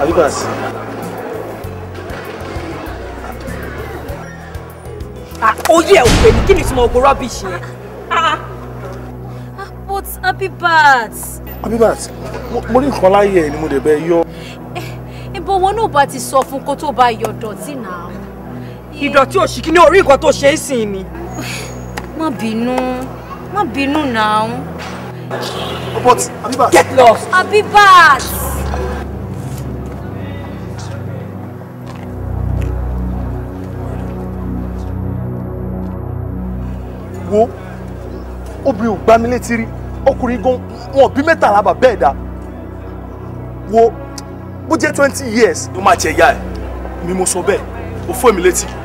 àbíkàsí. Ah, ò pè ní kí ni tí mo go rubbish yẹn. Ah, ah, but Abibat. Abibat mo ní nǹkan láyé ẹ ni mo dẹ̀ bẹ yọ. Eh, ìbọn wọn náà bá ti sọ fún kó tó bá yọ dọ̀tí náà. ìdọ̀tí òṣìkí ní orí nǹkan tó ṣe é sìn ni. má bínú má bínú náà. but Abibat. get lost. Abibat. wo obìnrin ò gbá mi létí rí ọkùnrin gan wọn bí mẹ́tàlá bà bẹ́ẹ̀ dá wo bó jẹ́ twenty years ló máa jẹ ìyá ẹ̀ mi mo sọ bẹ́ẹ̀ ò fọ́ mi létí.